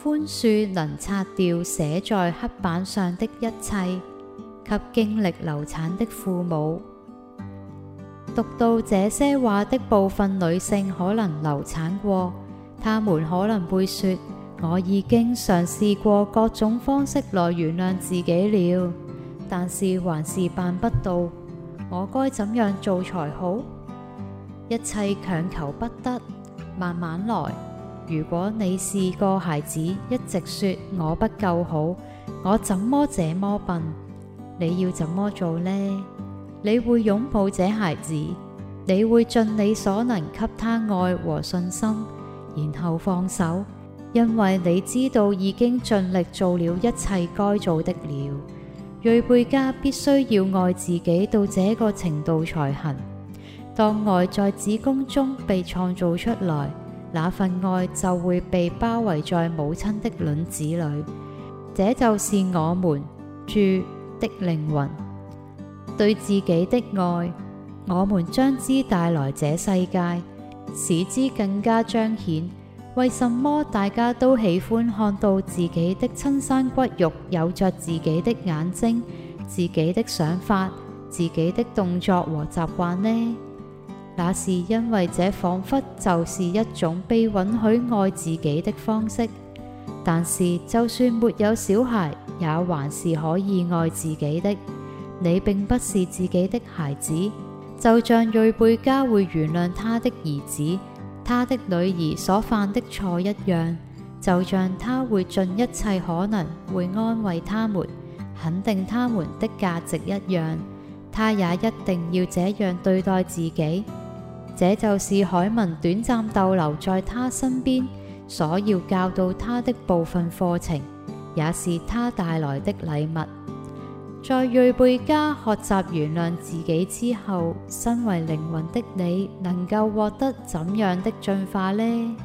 寬恕能擦掉寫在黑板上的一切，給經歷流產的父母。讀到這些話的部分女性可能流產過，她們可能會說：我已經嘗試過各種方式來原諒自己了，但是還是辦不到。我該怎樣做才好？一切強求不得，慢慢來。如果你是個孩子，一直說我不夠好，我怎麼這麼笨？你要怎麼做呢？你會擁抱這孩子，你會盡你所能給他愛和信心，然後放手，因為你知道已經盡力做了一切該做的了。瑞貝卡必須要愛自己到這個程度才行。當愛在子宮中被創造出來。那份愛就會被包圍在母親的卵子裏，這就是我們住的靈魂對自己的愛。我們將之帶來這世界，使之更加彰顯。為什麼大家都喜歡看到自己的親生骨肉有着自己的眼睛、自己的想法、自己的動作和習慣呢？那是因為這仿佛就是一種被允許愛自己的方式。但是就算沒有小孩，也還是可以愛自己的。你並不是自己的孩子，就像瑞貝卡會原諒他的兒子、他的女兒所犯的錯一樣，就像他會盡一切可能會安慰他們、肯定他們的價值一樣，他也一定要這樣對待自己。這就是海文短暫逗留在他身邊所要教導他的部分課程，也是他帶來的禮物。在瑞貝嘉學習原諒自己之後，身為靈魂的你能夠獲得怎樣的進化呢？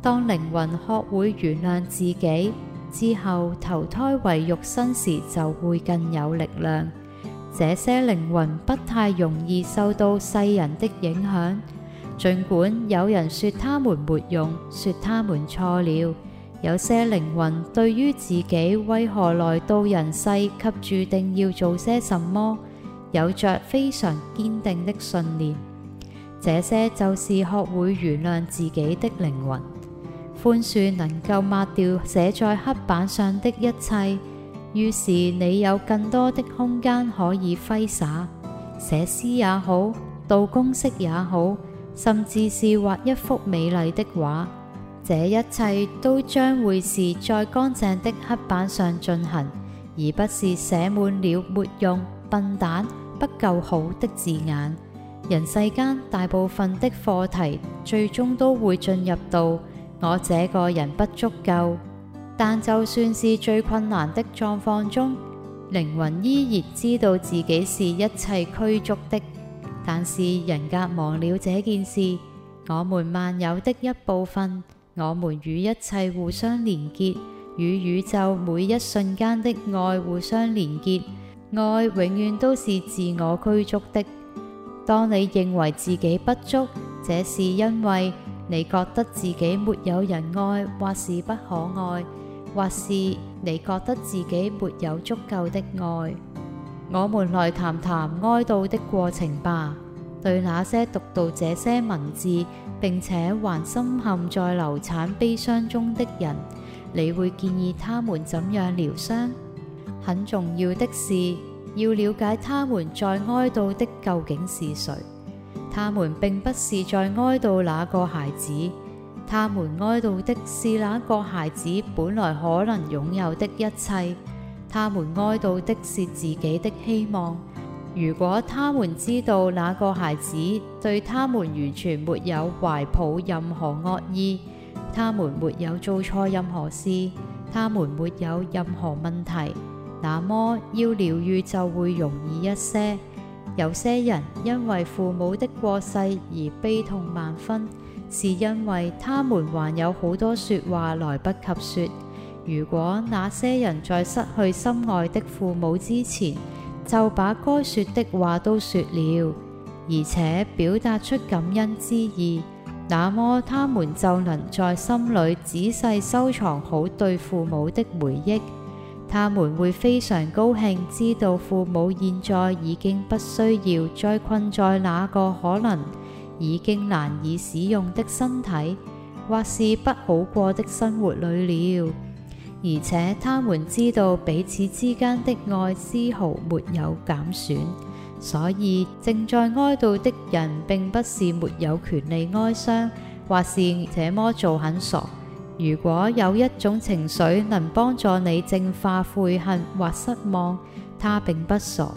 當靈魂學會原諒自己之後，投胎為肉身時，就會更有力量。這些靈魂不太容易受到世人的影響，儘管有人說他們沒用，說他們錯了。有些靈魂對於自己為何來到人世及註定要做些什麼，有着非常堅定的信念。這些就是學會原諒自己的靈魂，寬恕能夠抹掉寫在黑板上的一切。於是你有更多的空間可以揮灑，寫詩也好，導公式也好，甚至是畫一幅美麗的畫，這一切都將會是在乾淨的黑板上進行，而不是寫滿了沒用、笨蛋、不夠好的字眼。人世間大部分的課題，最終都會進入到我這個人不足夠。但就算是最困難的狀況中，靈魂依然知道自己是一切俱足的。但是人格忘了這件事。我們萬有的一部分，我們與一切互相連結，與宇宙每一瞬間的愛互相連結。愛永遠都是自我俱足的。當你認為自己不足，這是因為你覺得自己沒有人愛，或是不可愛。或是你覺得自己沒有足夠的愛，我們來談談哀悼的過程吧。對那些讀到這些文字並且還深陷在流產悲傷中的人，你會建議他們怎樣療傷？很重要的是要了解他們在哀悼的究竟是誰。他們並不是在哀悼那個孩子。他們哀悼的是那個孩子本來可能擁有的一切，他們哀悼的是自己的希望。如果他們知道那個孩子對他們完全沒有懷抱任何惡意，他們沒有做錯任何事，他們沒有任何問題，那麼要療癒就會容易一些。有些人因為父母的過世而悲痛萬分。是因為他們還有好多說話來不及說。如果那些人在失去心愛的父母之前，就把該說的話都說了，而且表達出感恩之意，那麼他們就能在心裏仔細收藏好對父母的回憶。他們會非常高興知道父母現在已經不需要再困在那個可能。已經難以使用的身體，或是不好過的生活裏了。而且他們知道彼此之間的愛絲毫沒有減損，所以正在哀悼的人並不是沒有權利哀傷，或是這麼做很傻。如果有一種情緒能幫助你淨化悔恨或失望，他並不傻，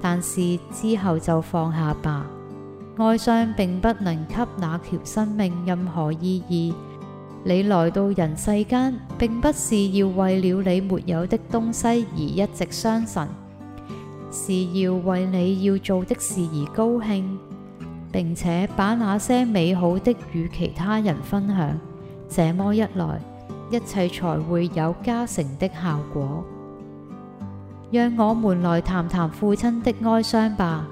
但是之後就放下吧。哀傷並不能給那條生命任何意義。你來到人世間，並不是要為了你沒有的東西而一直傷神，是要為你要做的事而高興，並且把那些美好的與其他人分享。這麼一來，一切才會有加成的效果。讓我們來談談父親的哀傷吧。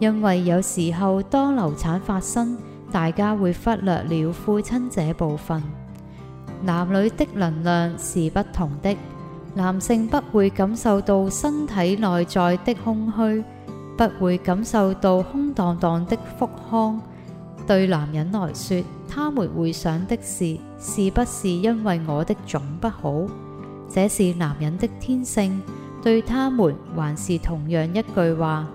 因為有時候當流產發生，大家會忽略了父親這部分。男女的能量是不同的，男性不會感受到身體內在的空虛，不會感受到空蕩蕩的腹腔。對男人來說，他們會想的是是不是因為我的種不好？這是男人的天性，對他們還是同樣一句話。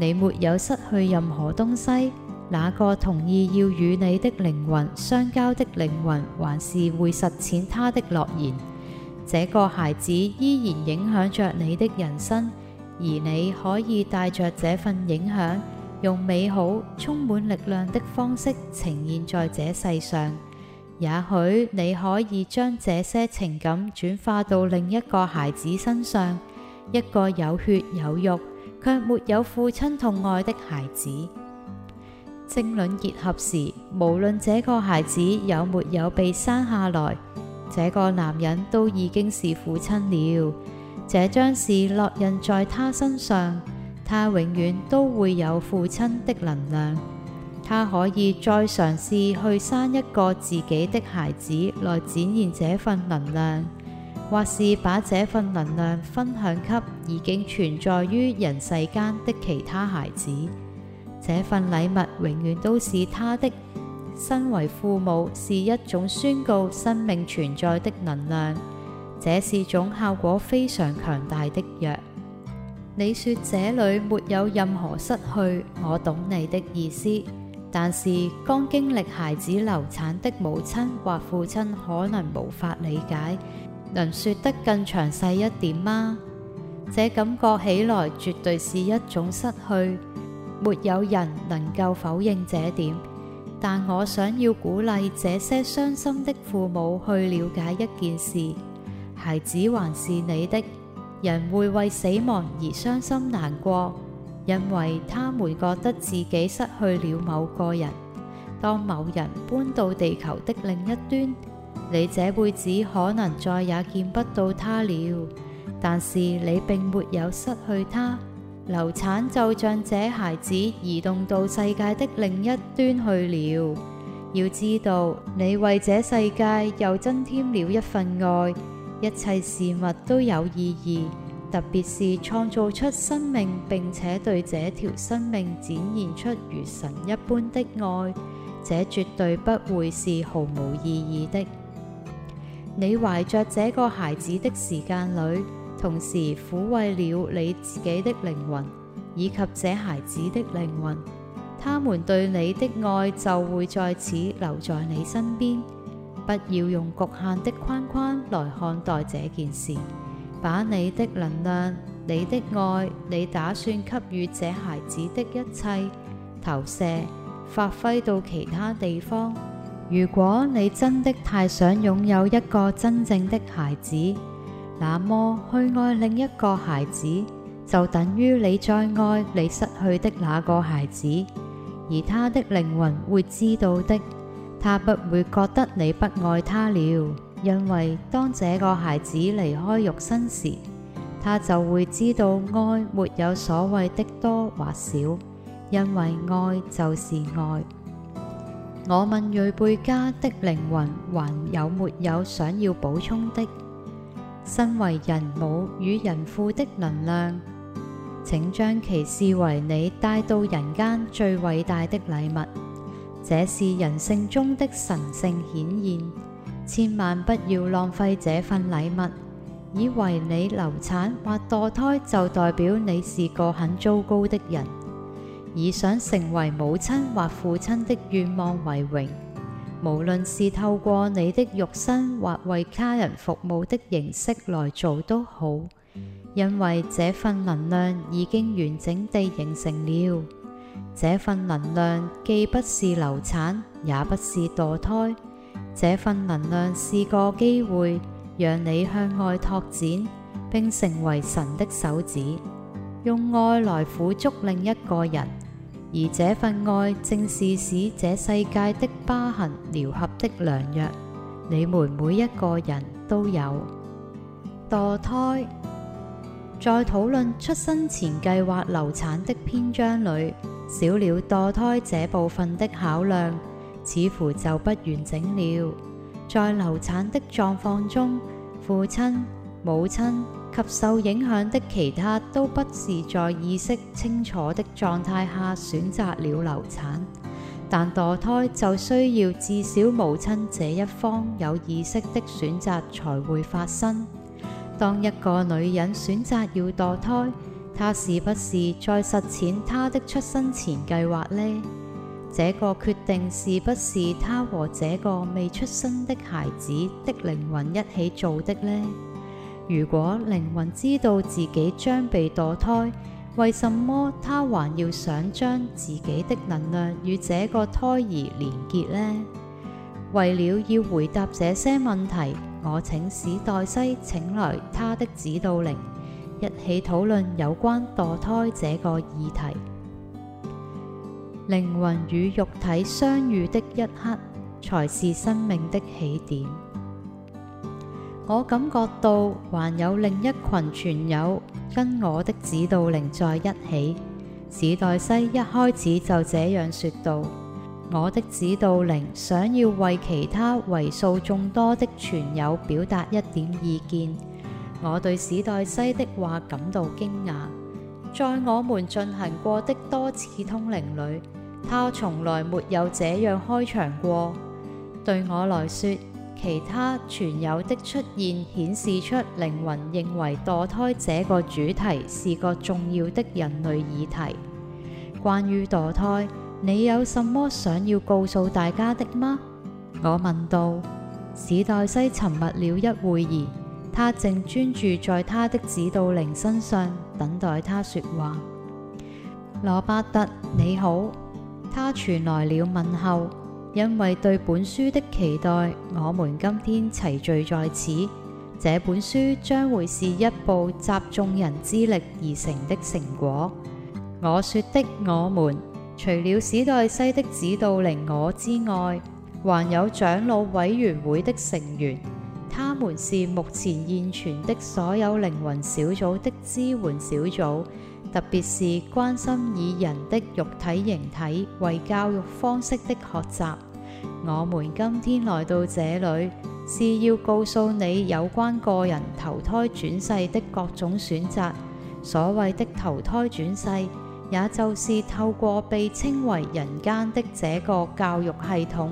你沒有失去任何東西。那個同意要與你的靈魂相交的靈魂，還是會實踐他的諾言。這個孩子依然影響着你的人生，而你可以帶着這份影響，用美好、充滿力量的方式呈現在這世上。也許你可以將這些情感轉化到另一個孩子身上，一個有血有肉，卻沒有父親痛愛的孩子。精卵結合時，無論這個孩子有沒有被生下來，這個男人都已經是父親了。這將是烙印在他身上，他永遠都會有父親的能量。他可以再嘗試去生一個自己的孩子，來展現這份能量。或是把這份能量分享給已經存在於人世間的其他孩子，這份禮物永遠都是他的。身為父母是一種宣告生命存在的能量，這是種效果非常強大的藥。你說這裏沒有任何失去，我懂你的意思，但是剛經歷孩子流產的母親或父親可能無法理解。能說得更詳細一點嗎？這感覺起來絕對是一種失去，沒有人能夠否認這點。但我想要鼓勵這些傷心的父母去了解一件事：孩子還是你的。人會為死亡而傷心難過，因為他們覺得自己失去了某個人。當某人搬到地球的另一端，你這輩子可能再也見不到他了，但是你並沒有失去他。流產就像這孩子移動到世界的另一端去了。要知道，你為這世界又增添了一份愛，一切事物都有意義，特別是創造出生命，並且對這條生命展現出如神一般的愛，這絕對不會是毫無意義的。你懷着這個孩子的時間裏，同時撫慰了你自己的靈魂以及這孩子的靈魂，他們對你的愛就會在此留在你身邊。不要用局限的框框來看待這件事，把你的能量、你的愛、你打算給予這孩子的一切投射、發揮到其他地方。如果你真的太想擁有一個真正的孩子，那麼去愛另一個孩子，就等於你再愛你失去的那個孩子，而他的靈魂會知道的，他不會覺得你不愛他了，因為當這個孩子離開肉身時，他就會知道愛沒有所謂的多或少，因為愛就是愛。我問瑞貝加的靈魂，還有沒有想要補充的？身為人母與人父的能量，請將其視為你帶到人間最偉大的禮物。這是人性中的神聖顯現，千萬不要浪費這份禮物。以為你流產或墮胎就代表你是個很糟糕的人。以想成為母親或父親的願望為榮，無論是透過你的肉身或為他人服務的形式來做都好，因為這份能量已經完整地形成了。這份能量既不是流產，也不是墮胎，這份能量是個機會，讓你向外拓展，並成為神的手指，用愛來撫觸另一個人。而這份愛正是使這世界的疤痕療合的良藥。你們每一個人都有墮胎，在討論出生前計劃流產的篇章裡，少了墮胎這部分的考量，似乎就不完整了。在流產的狀況中，父親、母親，及受影響的其他都不是在意識清楚的狀態下選擇了流產，但墮胎就需要至少母親這一方有意識的選擇才會發生。當一個女人選擇要墮胎，她是不是在實踐她的出生前計劃呢？這個決定是不是她和這個未出生的孩子的靈魂一起做的呢？如果靈魂知道自己將被墮胎，為什麼他還要想將自己的能量與這個胎兒連結呢？為了要回答這些問題，我請史黛西請來她的指導靈，一起討論有關墮胎這個議題。靈魂與肉體相遇的一刻，才是生命的起點。我感覺到還有另一群傳友跟我的指導靈在一起。史黛西一開始就這樣說道：我的指導靈想要為其他為數眾多的傳友表達一點意見。我對史黛西的話感到驚訝，在我們進行過的多次通靈裏，她從來沒有這樣開場過。對我來說。其他存有的出現顯示出靈魂認為墮胎這個主題是個重要的人類議題。關於墮胎，你有什麼想要告訴大家的嗎？我問道。史黛西沉默了一會兒，她正專注在他的指導靈身上，等待他說話。羅伯特，你好，他傳來了問候。因為對本書的期待，我們今天齊聚在此，這本書將會是一部集眾人之力而成的成果。我說的我們，除了史代西的指導靈我之外，還有長老委員會的成員，他們是目前現存的所有靈魂小組的支援小組。特別是關心以人的肉體形體為教育方式的學習。我們今天來到這裡，是要告訴你有關個人投胎轉世的各種選擇。所謂的投胎轉世，也就是透過被稱為人間的這個教育系統，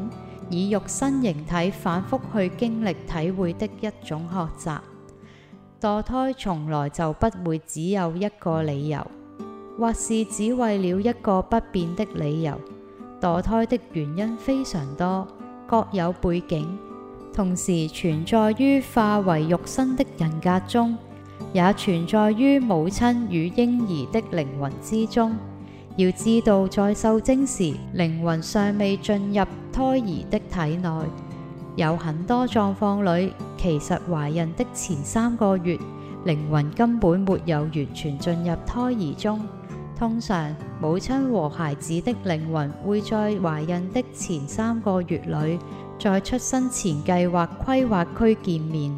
以肉身形體反覆去經歷體會的一種學習。墮胎從來就不會只有一個理由，或是只為了一個不變的理由。墮胎的原因非常多，各有背景，同時存在於化為肉身的人格中，也存在於母親與嬰兒的靈魂之中。要知道，在受精時，靈魂尚未進入胎兒的體內。有很多狀況裏，其實懷孕的前三個月，靈魂根本沒有完全進入胎兒中。通常，母親和孩子的靈魂會在懷孕的前三個月裏，在出生前計劃規劃區見面，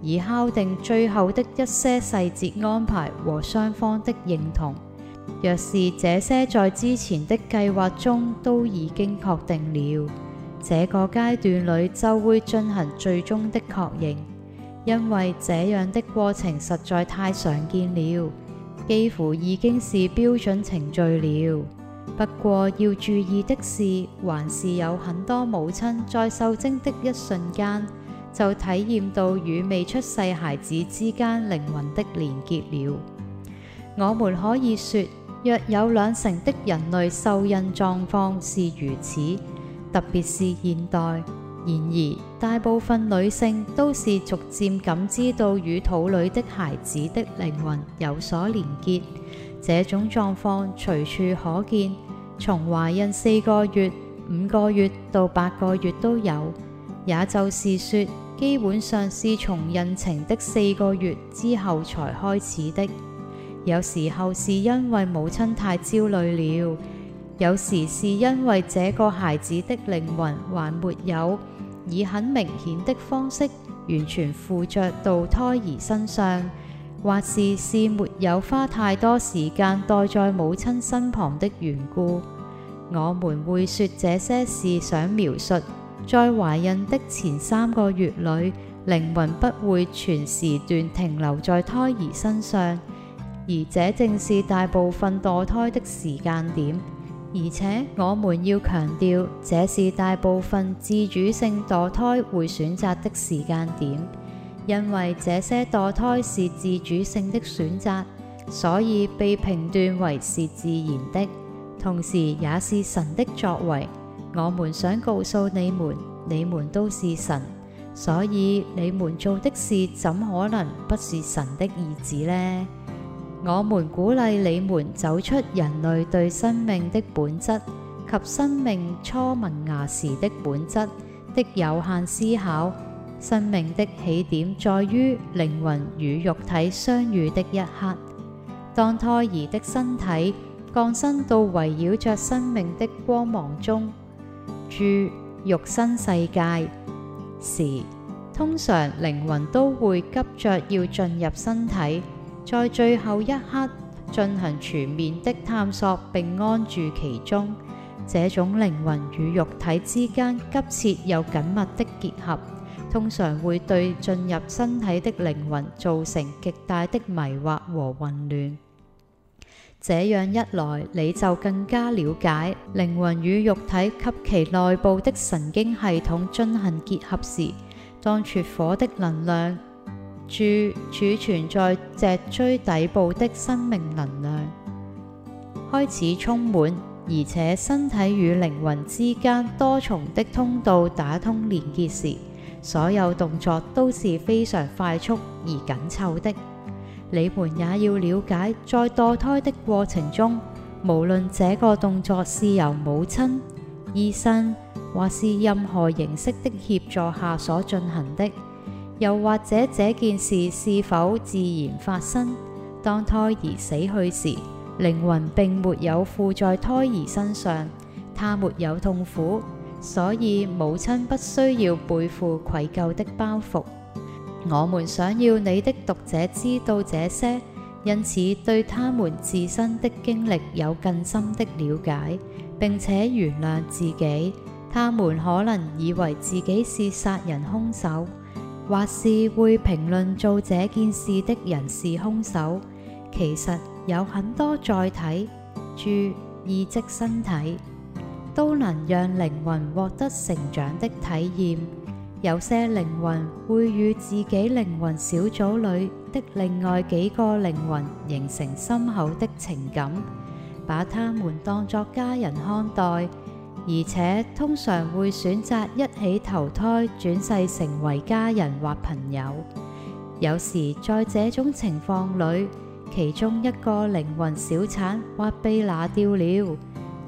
以敲定最後的一些細節安排和雙方的認同。若是這些在之前的計劃中都已經確定了。這個階段裏就會進行最終的確認，因為這樣的過程實在太常見了，幾乎已經是標準程序了。不過要注意的是，還是有很多母親在受精的一瞬間就體驗到與未出世孩子之間靈魂的連結了。我們可以說，約有兩成的人類受孕狀況是如此。特別是現代，然而大部分女性都是逐漸感知到與肚裏的孩子的靈魂有所連結。這種狀況隨處可見，從懷孕四個月、五個月到八個月都有。也就是說，基本上是從孕程的四個月之後才開始的。有時候是因為母親太焦慮了。有時，是因為這個孩子的靈魂還沒有以很明顯的方式完全附着到胎兒身上，或是是沒有花太多時間待在母親身旁的緣故。我們會說這些事，想描述在懷孕的前三個月裡，靈魂不會全時段停留在胎兒身上，而這正是大部分墮胎的時間點。而且我們要強調，這是大部分自主性墮胎會選擇的時間點，因為這些墮胎是自主性的選擇，所以被評斷為是自然的，同時也是神的作為。我們想告訴你們，你們都是神，所以你們做的事怎可能不是神的意志呢？我們鼓勵你們走出人類對生命的本質及生命初萌芽時的本質的有限思考。生命的起點在於靈魂與肉體相遇的一刻，當胎兒的身體降生到圍繞着生命的光芒中，注入肉身世界時，通常靈魂都會急着要進入身體。在最後一刻進行全面的探索並安住其中，這種靈魂與肉體之間急切又緊密的結合，通常會對進入身體的靈魂造成極大的迷惑和混亂。這樣一來，你就更加了解靈魂與肉體及其內部的神經系統進行結合時，當絕火的能量。注儲存在脊椎底部的生命能量，開始充滿，而且身體與靈魂之間多重的通道打通連結時，所有動作都是非常快速而緊湊的。你們也要了解，在墮胎的過程中，無論這個動作是由母親、醫生或是任何形式的協助下所進行的。又或者，這件事是否自然發生？當胎兒死去時，靈魂並沒有附在胎兒身上，他沒有痛苦，所以母親不需要背負愧疚的包袱。我們想要你的讀者知道這些，因此對他們自身的經歷有更深的了解，並且原諒自己。他們可能以為自己是殺人兇手。或是會評論做這件事的人是凶手，其實有很多載體，注意即身體都能讓靈魂獲得成長的體驗。有些靈魂會與自己靈魂小組裏的另外幾個靈魂形成深厚的情感，把他們當作家人看待。而且通常會選擇一起投胎轉世成為家人或朋友。有時在這種情況裏，其中一個靈魂小產或被拿掉了，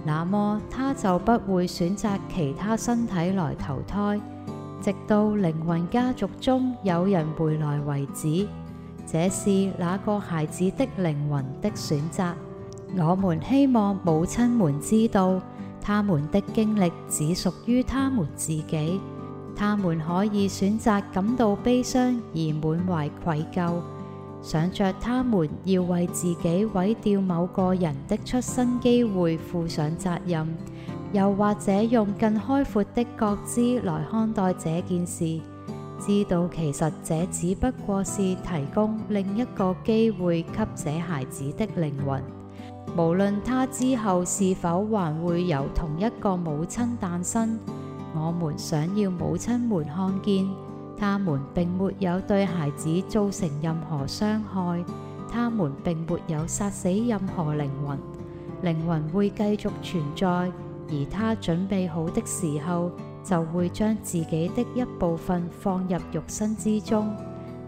那麼他就不會選擇其他身體來投胎，直到靈魂家族中有人回來為止。這是那個孩子的靈魂的選擇。我們希望母親們知道。他們的經歷只屬於他們自己，他們可以選擇感到悲傷而滿懷愧疚，想着他們要為自己毀掉某個人的出生機會負上責任，又或者用更開闊的覺知來看待這件事，知道其實這只不過是提供另一個機會給這孩子的靈魂。無論他之後是否還會由同一個母親誕生，我們想要母親們看見，他們並沒有對孩子造成任何傷害，他們並沒有殺死任何靈魂，靈魂會繼續存在，而他準備好的時候，就會將自己的一部分放入肉身之中，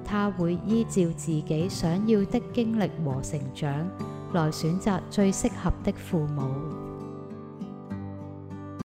他會依照自己想要的經歷和成長。來選擇最適合的父母。